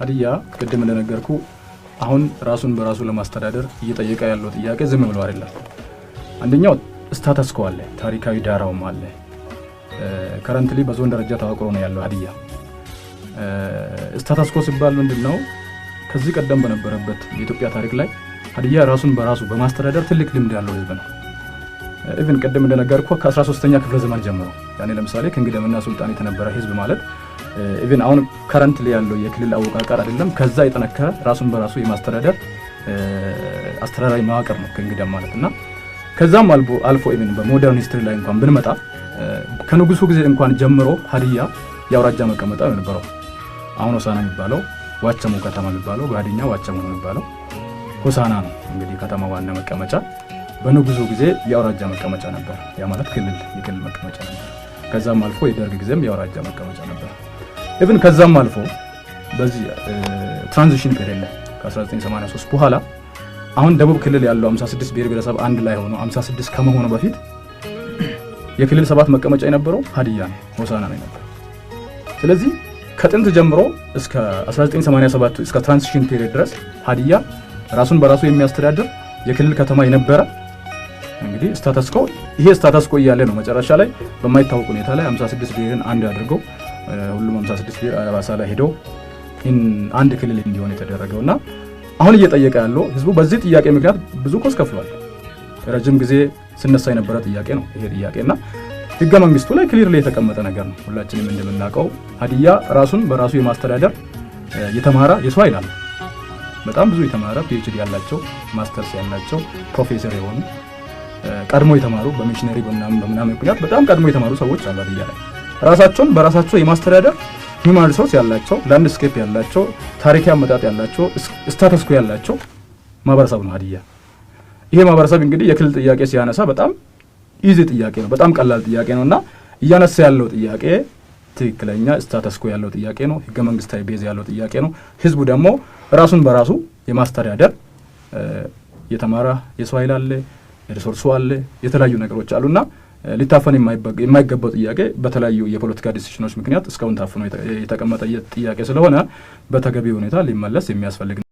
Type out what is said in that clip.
ሀዲያ ቅድም እንደነገርኩ አሁን ራሱን በራሱ ለማስተዳደር እየጠየቀ ያለው ጥያቄ ዝም ብሎ አይደለም። አንደኛው ስታተስ ኮ አለ፣ ታሪካዊ ዳራውም አለ። ከረንትሊ በዞን ደረጃ ተዋቅሮ ነው ያለው ሀዲያ። ስታተስ ኮ ሲባል ምንድን ነው? ከዚህ ቀደም በነበረበት የኢትዮጵያ ታሪክ ላይ ሀዲያ ራሱን በራሱ በማስተዳደር ትልቅ ልምድ ያለው ህዝብ ነው። ኢቭን ቅድም እንደነገርኩ ከ13ኛ ክፍለ ዘመን ጀምሮ ያኔ ለምሳሌ ከእንግደምና ሱልጣን የተነበረ ህዝብ ማለት ኢቨን eh, አሁን ከረንት ላይ ያለው የክልል አወቃቀር አይደለም፣ ከዛ የጠነከረ ራሱን በራሱ የማስተዳደር eh, አስተዳዳሪ መዋቅር ነው ከእንግዲያ ማለት እና ከዛም አልፎ አልፎ ኢቨን በሞደርን ሂስትሪ ላይ እንኳን ብንመጣ eh, ከንጉሱ ጊዜ እንኳን ጀምሮ ሀዲያ የአውራጃ መቀመጫ ነው የነበረው። አሁን ሆሳና የሚባለው ዋቸሞ ከተማ የሚባለው በሀዲኛ ዋቸሞ ነው የሚባለው። ሆሳና ነው እንግዲህ ከተማ ዋና መቀመጫ። በንጉሱ ጊዜ የአውራጃ መቀመጫ ነበር። ያ ማለት ክልል የክልል መቀመጫ ነበር። ከዛም አልፎ የደርግ ጊዜም የአውራጃ መቀመጫ ነበር። ኢቭን ከዛም አልፎ በዚህ ትራንዚሽን ፔሪድ ላይ ከ1983 በኋላ አሁን ደቡብ ክልል ያለው 56 ብሔር ብሔረሰብ አንድ ላይ ሆኖ 56 ከመሆኑ በፊት የክልል ሰባት መቀመጫ የነበረው ሀዲያ ነው፣ ሆሳና ነው የነበረው። ስለዚህ ከጥንት ጀምሮ እስከ 1987 እስከ ትራንዚሽን ፔሪድ ድረስ ሀዲያ ራሱን በራሱ የሚያስተዳድር የክልል ከተማ የነበረ እንግዲህ ስታተስኮ ይሄ ስታተስኮ እያለ ነው መጨረሻ ላይ በማይታወቅ ሁኔታ ላይ 56 ብሔርን አንድ አድርገው ሁሉም 56 አባሳ ላይ ሄደው አንድ ክልል እንዲሆን የተደረገው እና አሁን እየጠየቀ ያለው ህዝቡ በዚህ ጥያቄ ምክንያት ብዙ ኮስ ከፍሏል። ረጅም ጊዜ ስነሳ የነበረ ጥያቄ ነው ይሄ ጥያቄ እና ህገ መንግስቱ ላይ ክሊር ላይ የተቀመጠ ነገር ነው። ሁላችንም እንደምናውቀው ሀዲያ ራሱን በራሱ የማስተዳደር የተማረ የሰው ኃይል አለ። በጣም ብዙ የተማረ ፒኤችዲ ያላቸው ማስተርስ ያላቸው ፕሮፌሰር የሆኑ ቀድሞ የተማሩ በሚሽነሪ በምናምን ምክንያት በጣም ቀድሞ የተማሩ ሰዎች አሉ ሀዲያ ላይ ራሳቸውን በራሳቸው የማስተዳደር ሂማን ሪሶርስ ያላቸው ላንድስኬፕ ያላቸው ታሪካዊ አመጣጥ ያላቸው ስታተስኮ ያላቸው ማህበረሰብ ነው ሀዲያ። ይሄ ማህበረሰብ እንግዲህ የክልል ጥያቄ ሲያነሳ በጣም ኢዚ ጥያቄ ነው፣ በጣም ቀላል ጥያቄ ነው እና እያነሳ ያለው ጥያቄ ትክክለኛ ስታተስኩ ያለው ጥያቄ ነው፣ ህገ መንግስታዊ ቤዝ ያለው ጥያቄ ነው። ህዝቡ ደግሞ ራሱን በራሱ የማስተዳደር የተማረ የሰው ኃይል አለ፣ ሪሶርሱ አለ፣ የተለያዩ ነገሮች አሉና ሊታፈን የማይገባው ጥያቄ በተለያዩ የፖለቲካ ዲሲሽኖች ምክንያት እስካሁን ታፍኖ የተቀመጠ ጥያቄ ስለሆነ በተገቢ ሁኔታ ሊመለስ የሚያስፈልግ